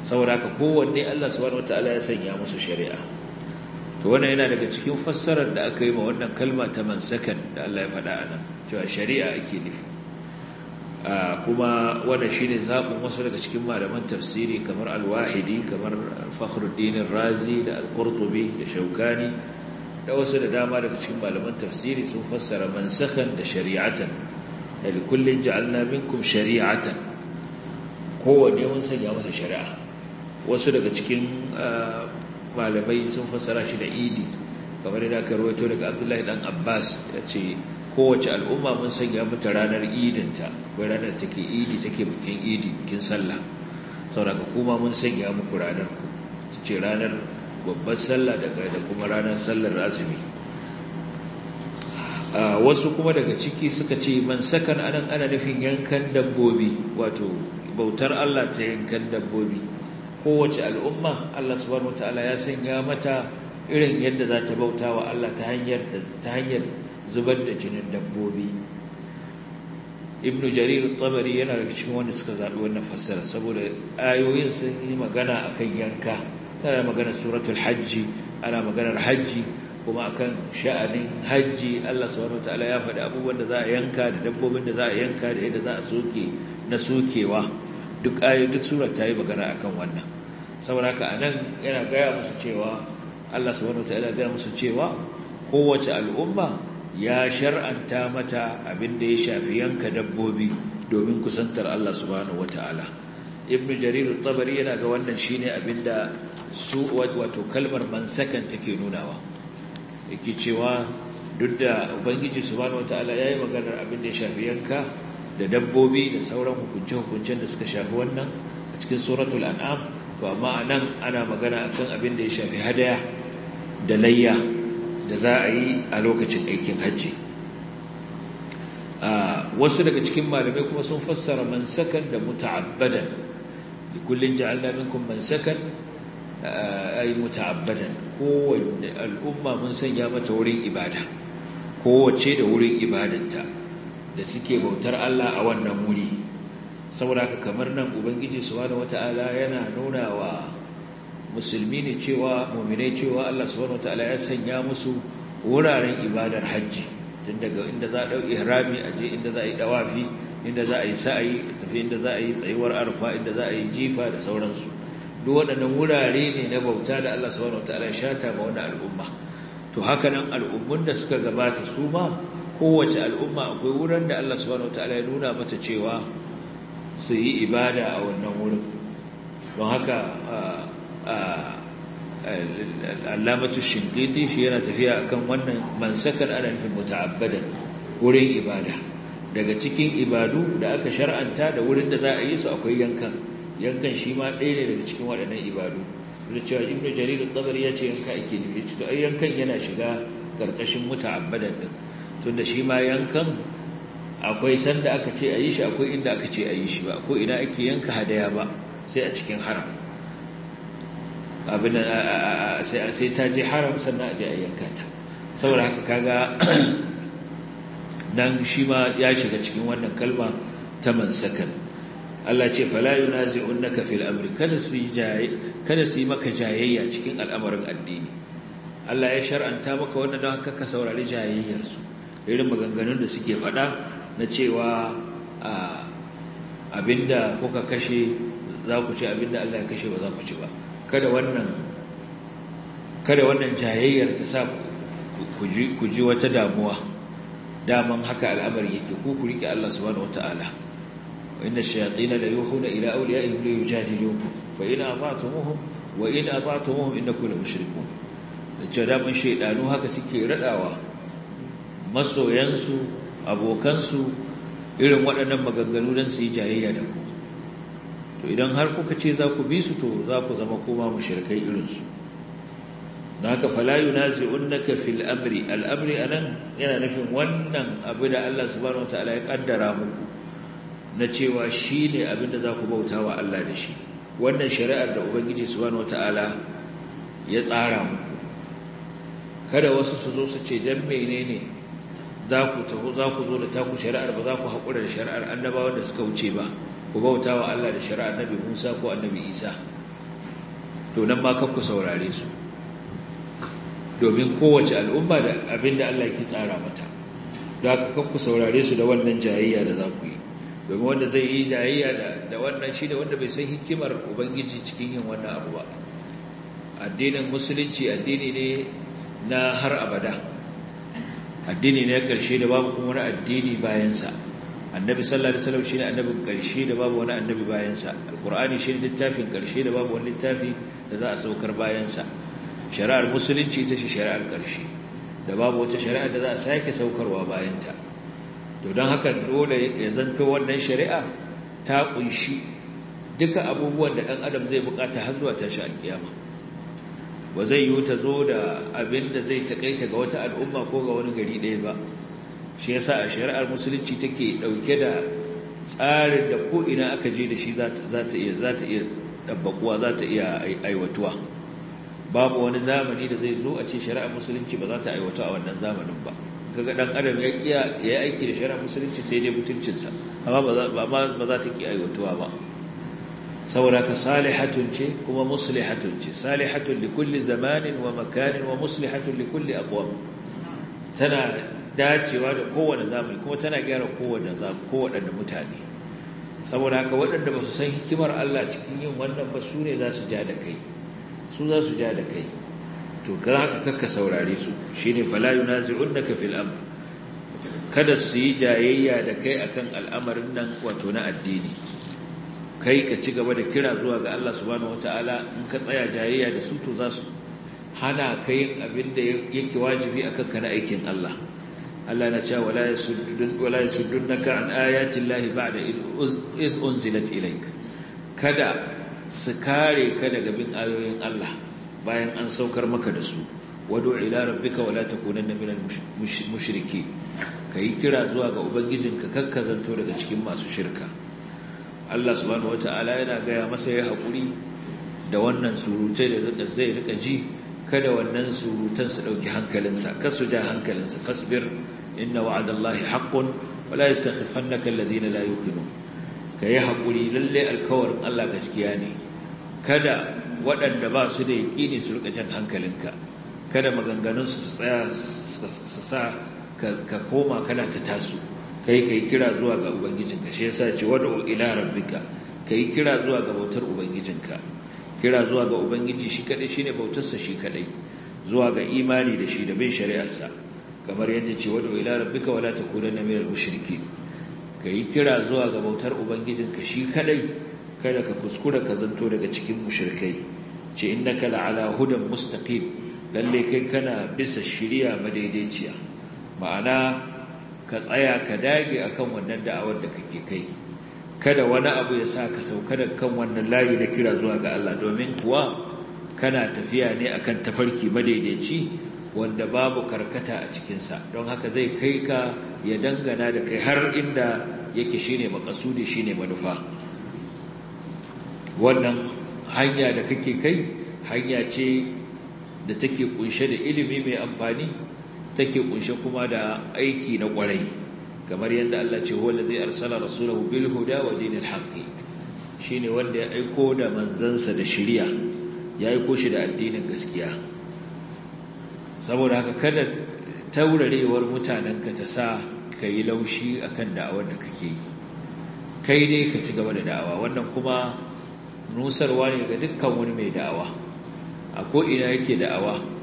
saboda haka kowanne Allah subhanahu wataala ya sanya musu shari'a to wannan yana daga cikin fassarar da aka yi ma wannan kalma ta sakan da Allah ya faɗa ana cewa shari'a ake nufi kuma wannan shine zaɓin wasu daga cikin malaman tafsiri kamar al kamar fakhruddin razi da al da shaukani da wasu da dama daga cikin malaman tafsiri sun fassara mansakan da shari'atan da kullin ja'alna minkum shari'atan kowanne mun sanya masa shari'a wasu daga cikin eh, malamai sun fassara shi da idi kamar da aka rawaito daga abdullahi dan abbas ya ce kowace al'umma mun sanya mata ranar idinta Wai ranar take idi take bikin idi bikin sallah sauraka kuma mun sanya muku ranar ku ce ranar babbar sallah daga da kuma ranar sallar azumi ah, wasu kuma daga ciki suka ce man sakan anan ana nufin yankan dabbobi wato bautar Allah ta yankan dabbobi kowace al'umma Allah subhanahu wataala ya sanya mata irin yadda za ta bauta wa Allah ta hanyar hanyar zubar da jinin dabbobi Ibnu jarir tabari yana da cikin wanda suka zaɓi wannan fassara saboda ayoyin sun yi magana akan yanka Kana magana suratul hajji ana maganar hajji kuma akan sha'anin hajji Allah subhanahu wataala ya faɗi abubuwan da za a yanka da dabbobin da za a yanka da yadda za a soke na sokewa duk ayoyi duk surar ta yi magana akan wannan saboda haka anan yana gaya musu cewa Allah subhanahu wataala gaya musu cewa kowace al'umma ya shar'anta mata abin da ya shafi yanka dabbobi domin kusantar Allah subhanahu wataala ibnu jarir at-tabari yana ga wannan shine abin da su wato kalmar sakan take nunawa yake cewa duk da ubangiji subhanahu ya yi maganar abin da ya shafi yanka da dabbobi da sauran hukunce-hukuncen da suka shafi wannan a cikin suratul an'am to amma nan ana magana akan abin da ya shafi hadaya da layya da za a yi a lokacin aikin hajji wasu daga cikin malamai kuma sun fassara mansakan da muta'abbadan da kullum ja'alna minkum mansakan ay muta'abbadan kowanne al'umma mun sanya mata wurin ibada kowace da wurin ibadanta da suke bautar Allah a wannan wuri saboda haka kamar nan ubangiji subhanahu wata'ala yana nuna wa musulmi ne cewa mu'minai cewa Allah subhanahu wata'ala ya sanya musu wuraren ibadar hajji tun daga inda za a dau ihrami a je inda za a yi dawafi inda za a yi sa'i tafi inda za a yi tsayuwar arfa inda za a yi jifa da sauransu duk waɗannan wurare ne na bauta da Allah subhanahu wata'ala ya shata ma wannan al'umma to haka nan al'ummun da suka gabata su ma kowace al'umma akwai wurin da Allah subhanahu wataala ya nuna mata cewa su yi ibada a wannan wurin don haka al'amatu shinkiti shi yana tafiya akan wannan mansakan ana nufin muta'abbadan wurin ibada daga cikin ibadu da aka shar'anta da wurin da za a yi su akwai yankan yankan shi ma ɗaya ne daga cikin waɗannan ibadu da cewa ibnu jarir al-tabari ya ce yanka ake nufi to ai yankan yana shiga karkashin muta'abbadan tunda shi ma yankan akwai sanda aka ce a yi shi akwai inda aka ce a yi shi ba ko ina ake yanka hadaya ba sai a cikin haram abin da sai ta je haram sannan a je a yanka ta saboda haka kaga nan shi ma ya shiga cikin wannan kalma ta mansakan Allah ce fala yunazi'unka fil amri kada su yi kada su yi maka jayayya cikin al'amarin addini Allah ya shar'anta maka wannan don haka ka saurari jayayyar su irin maganganun da suke faɗa na cewa abinda kuka kashe za ku ci abinda Allah ya kashe ba za ku ci ba kada wannan jayayyar ta sa ku ji wata damuwa daman haka al'amar yake ku ku rike Allah su subhanahu wata'ala inna da la yuhuna ila awliyaihim jaji yujadilukum fa ta muhu wa in ata'tumuhum innakum la ku? da cewa daman shaidanu haka suke radawa masoyansu abokansu irin waɗannan maganganu don su yi jayayya da ku to idan har kuka ce za ku bi su to za ku zama koma mu shirkai irinsu na haka falayu na zi'unnaka fil amri al'amri a nan yana nufin wannan abu da allah subhanahu wa ta'ala ya kaddara muku na cewa shi ne abin da za ku bauta wa allah da shi wannan shari'ar da ubangiji subhanahu wa ta'ala ya tsara muku kada wasu su zo su ce dan menene za ku taho za ku zo da taku shari'ar ba za ku haƙura da shari'ar annabawa da suka wuce ba ku bauta wa Allah da shari'ar annabi Musa ko annabi Isa to nan ma kanku saurare su domin kowace al'umma da abin da Allah ke tsara mata da haka kan saurare su da wannan jayayya da za ku yi domin wanda zai yi jayayya da wannan shi da wanda bai san hikimar ubangiji cikin yin wannan abu ba addinin musulunci addini ne na har abada addini ne karshe da babu kuma wani addini bayansa annabi sallallahu alaihi wasallam shine annabin karshe da babu wani annabi bayansa alqur'ani shine littafin karshe da babu wani littafi da za a saukar bayansa shari'ar musulunci ita ce shari'ar karshe da babu wata shari'a da za a sake saukarwa bayanta to don haka dole ya zanto wannan shari'a ta kunshi duka abubuwan da dan adam zai bukata har zuwa tashi alkiyama ba zai yi ta zo da abin da zai takaita ga wata al'umma ko ga wani gari ɗaya ba shi yasa a shari'ar musulunci take ɗauke da tsarin da ko'ina aka je da shi za ta iya za ta iya aiwatuwa babu wani zamani da zai zo a ce shari'ar musulunci ba za ta aiwatu a wannan zamanin ba kaga ɗan adam ya yi aiki da shari'ar musulunci sai dai mutuncinsa amma ba za ta ki aiwatuwa ba saboda ka salihatun ce kuma muslihatun ce salihatun li kulli zamanin wa makanin wa muslihatun li kulli aqwam tana dacewa da kowanne zamani kuma tana gyara kowanne zamani kowane mutane saboda haka waɗanda ba su san hikimar Allah cikin yin wannan ba su ne za su ja da kai su za su ja da kai to kar haka kakka saurare su shine fala yunazi'unka fil amr kada su yi jayayya da kai akan al'amarin nan wato na addini kai ka ci gaba da kira zuwa ga Allah subhanahu wataala in ka tsaya jayayya da su to za su hana ka yin abin da yake wajibi akan ka na aikin Allah Allah na cewa wala yasuddun na ka an lahi ba ba'da iz unzilat ilaik kada su kare ka daga bin ayoyin Allah bayan an saukar maka da su wado ila rabbika wala na minal mushriki yi kira zuwa ga ubangijinka zanto daga cikin masu shirka Allah subhanahu wata'ala yana gaya masa ya haƙuri da wannan surutai da zai rika ji kada wannan surutan su ɗauki hankalinsa kar su ja hankalinsa fasbir inna wa'adallahi haqqun wa la yastakhifannaka alladhina la yuqinun kai haƙuri lalle alkawarin Allah gaskiya ne kada waɗanda ba su da yaƙini su rika jan hankalinka kada maganganunsu su tsaya su sa ka koma kana ta tasu kai kai kira zuwa ga ubangijinka shi yasa ce wad'u ila rabbika kai kira zuwa ga bautar ubangijinka kira zuwa ga ubangiji shi kadai shine sa shi kadai zuwa ga imani da shi da bin shari'arsa kamar yadda ce wad'u ila rabbika wala min al-mushriki kai kira zuwa ga bautar ubangijinka shi kadai kada ka kuskura ka zanto daga cikin mushrikai ce innaka la'ala hudan mustaqim lalle kai kana bisa shiriya madaidaiciya ma'ana ka tsaya ka dage akan wannan da'awar da kake kai kada wani abu ya sa ka sauka da kan wannan layi da kira zuwa ga Allah domin kuwa kana tafiya ne a kan tafarki madaidaici wanda babu karkata a cikinsa don haka zai kai ka ya dangana da kai har inda yake shine makasudi shine manufa wannan hanya da kake kai hanya ce da take kunshe da ilimi mai amfani take kunshe kuma da aiki na kwarai kamar yadda Allah ce wanda zai arsala rasulahu bil huda wa dinil haqqi shine wanda ya aiko da manzansa da shiriya ya aiko shi da addinin gaskiya saboda haka kada taurarewar mutanen ka ta sa ka laushi akan da'awar da kake yi kai dai ka ci gaba da da'awa wannan kuma nusarwa ne ga dukkan wani mai da'awa a ko ina yake da'awa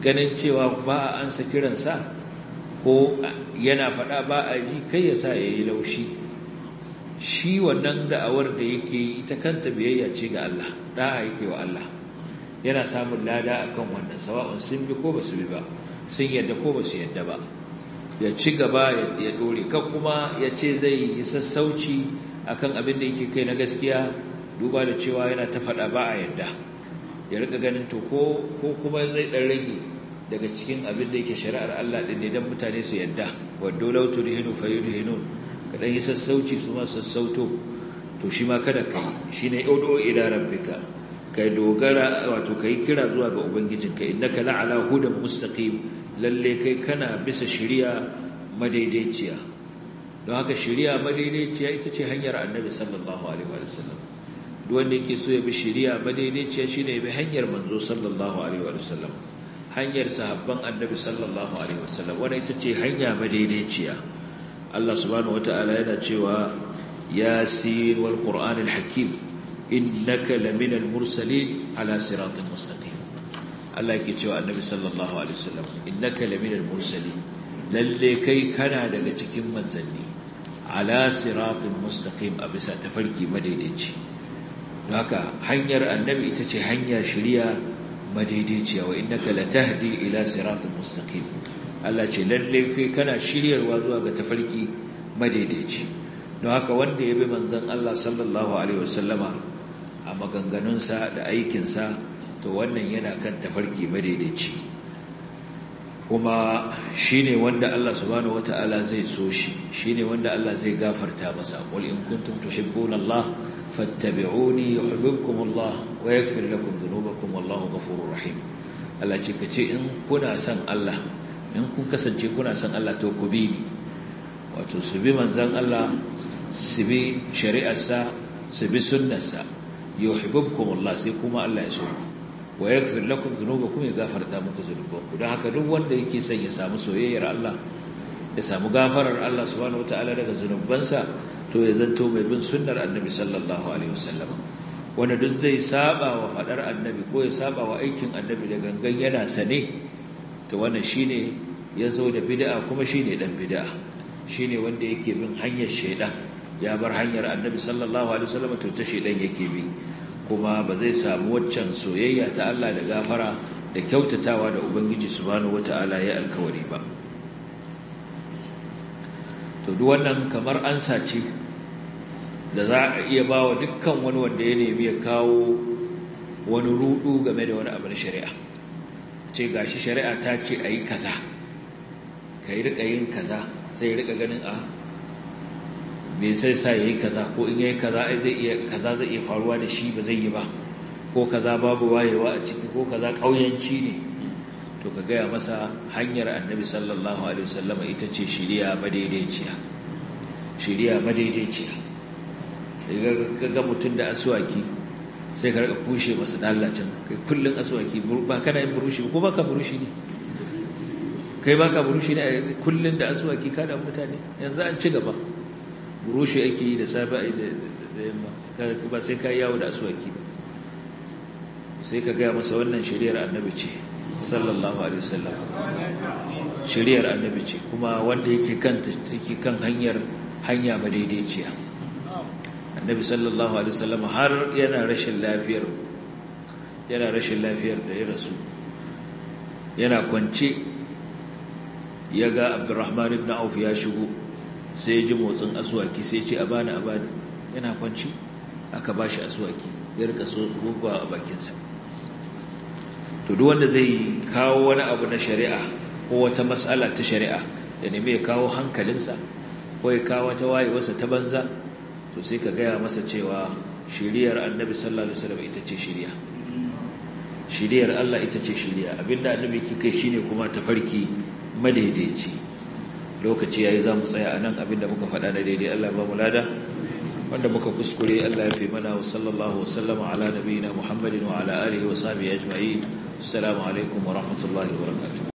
ganin cewa ba a ansa kiransa ko yana faɗa ba a ji kai ya sa ya yi laushi shi wannan da'awar da yake yi ita kanta biyayya ce ga Allah a yake wa Allah yana samun lada a kan wannan sawa'un sun bi ko ba su bi ba sun yadda ko ba su yadda ba ya ci gaba ya ɗore kan kuma ya ce zai yi sassauci a kan abin da yake kai na gaskiya duba da cewa yana ta faɗa ba a yadda ya rika ganin to ko ko kuma zai dan rage daga cikin abin da yake shari'ar Allah din ne dan mutane su yadda waddo law turhinu fayudhinun kadan yi sassauci su ma sassauto to shi ma kada kai shine yaudu ila rabbika kai dogara wato kai kira zuwa ga ubangijinka innaka la'ala hudan mustaqim lalle kai kana bisa shari'a madaidaiciya don haka shari'a madaidaiciya ita ce hanyar annabi sallallahu alaihi wasallam duk wanda yake so ya bi shari'a ba daidaiciya shine ya bi hanyar manzo sallallahu alaihi wa sallam hanyar sahabban annabi sallallahu alaihi wa sallam wanda ita ce hanya ba daidaiciya Allah subhanahu wataala yana cewa yasin wal qur'an qur'anil hakim innaka laminal mursalin ala siratin mustaqim Allah yake cewa annabi sallallahu alaihi wa sallam innaka laminal mursalin lalle kai kana daga cikin manzanni ala siratin mustaqim abisa bisa tafarki madaidaici haka hanyar annabi ita ce hanya shirya madaidaiciya wa ka latahdi ila sirat mustaqim Allah ce lalle kai kana shiryarwa zuwa ga tafarki madaidaici don haka wanda ya bi manzon Allah sallallahu alaihi wasallama a maganganunsa da aikinsa to wannan yana kan tafarki madaidaici kuma shine wanda Allah subhanahu wataala zai so shi shine wanda Allah zai gafarta masa qul in kuntum tuhibbuna Allah fattabi'uni yuhibbukum Allah wa yaghfir lakum dhunubakum wallahu ghafurur rahim Allah ce ka ce in kuna son Allah in kun kasance kuna son Allah to ku bi ni wato su bi manzon Allah su bi shari'arsa su bi sa yuhibbukum Allah sai kuma Allah ya so ku wa yaghfir lakum dhunubakum ya gafarta muku dhunubanku dan haka duk wanda yake son ya samu soyayyar Allah ya samu gafarar Allah subhanahu wataala daga zunubansa to ya zanto mai bin sunnar annabi sallallahu alaihi wasallam wanda duk zai saba wa fadar annabi ko ya saba wa aikin annabi da gangan yana sane to wannan shine ya zo da bid'a kuma shine dan bid'a shine wanda yake bin hanyar shaydan ya bar hanyar annabi sallallahu alaihi wasallam to ta shaydan yake bi kuma ba zai samu waccan soyayya ta Allah da gafara da kyautatawa da ubangiji subhanahu wataala ya alkawari ba to duk wannan kamar an sace da za a iya ba wa dukkan wani wanda ya nemi ya kawo wani rudu game da wani abin shari'a ce ga shi shari'a ta ce a yi kaza ka yi rika yin kaza sai rika ganin a ah, me sai sa ya yi kaza ko in ya yi kaza zai iya kaza zai iya faruwa da shi ba zai yi ba ko kaza babu wayewa a ciki ko kaza ƙauyanci ne to ka gaya masa hanyar annabi sallallahu alaihi wasallama ita ce shiriya madaidaiciya ga mutum da asuwaki sai ka rika kushe masu dalacin kai kullun asuwaki ba kana yin burushi ko baka burushi ne kai baka burushi ne kullun da asuwaki ka da mutane yanzu an ci gaba burushi ake yi da safe a da yamma ba sai ka yawo da asuwaki ba sai ka gaya masa wannan shari'ar annabi ce sallallahu alaihi wasallam shari'ar annabi ce kuma wanda yake kan take kan hanyar hanya ba daidaiciya annabi sallallahu alaihi wasallam har yana rashin lafiyar yana rashin lafiyar da ya rasu yana kwance ya ga abdurrahman ibn auf ya shigo sai ya ji motsin aswaki sai ya ce abana abana yana kwance aka ba shi aswaki ya rika so gugwa a bakinsa to duk wanda zai kawo wani abu na shari'a ko wata matsala ta shari'a da nemi ya kawo hankalinsa ko ya kawo ta wayewarsa ta banza to sai ka gaya masa cewa shiriyar annabi sallallahu alaihi wasallam ita ce shiriya shiriyar Allah ita ce shiriya abinda annabi kika kai shine kuma tafarki madaidaici lokaci yayi zamu tsaya a nan abinda muka faɗa da daidai Allah ba mu lada wanda muka kuskure Allah ya fi mana wa sallallahu wasallama ala nabiyina Muhammadin wa ala alihi wa sahbihi ajma'in assalamu alaikum wa rahmatullahi wa barakatuh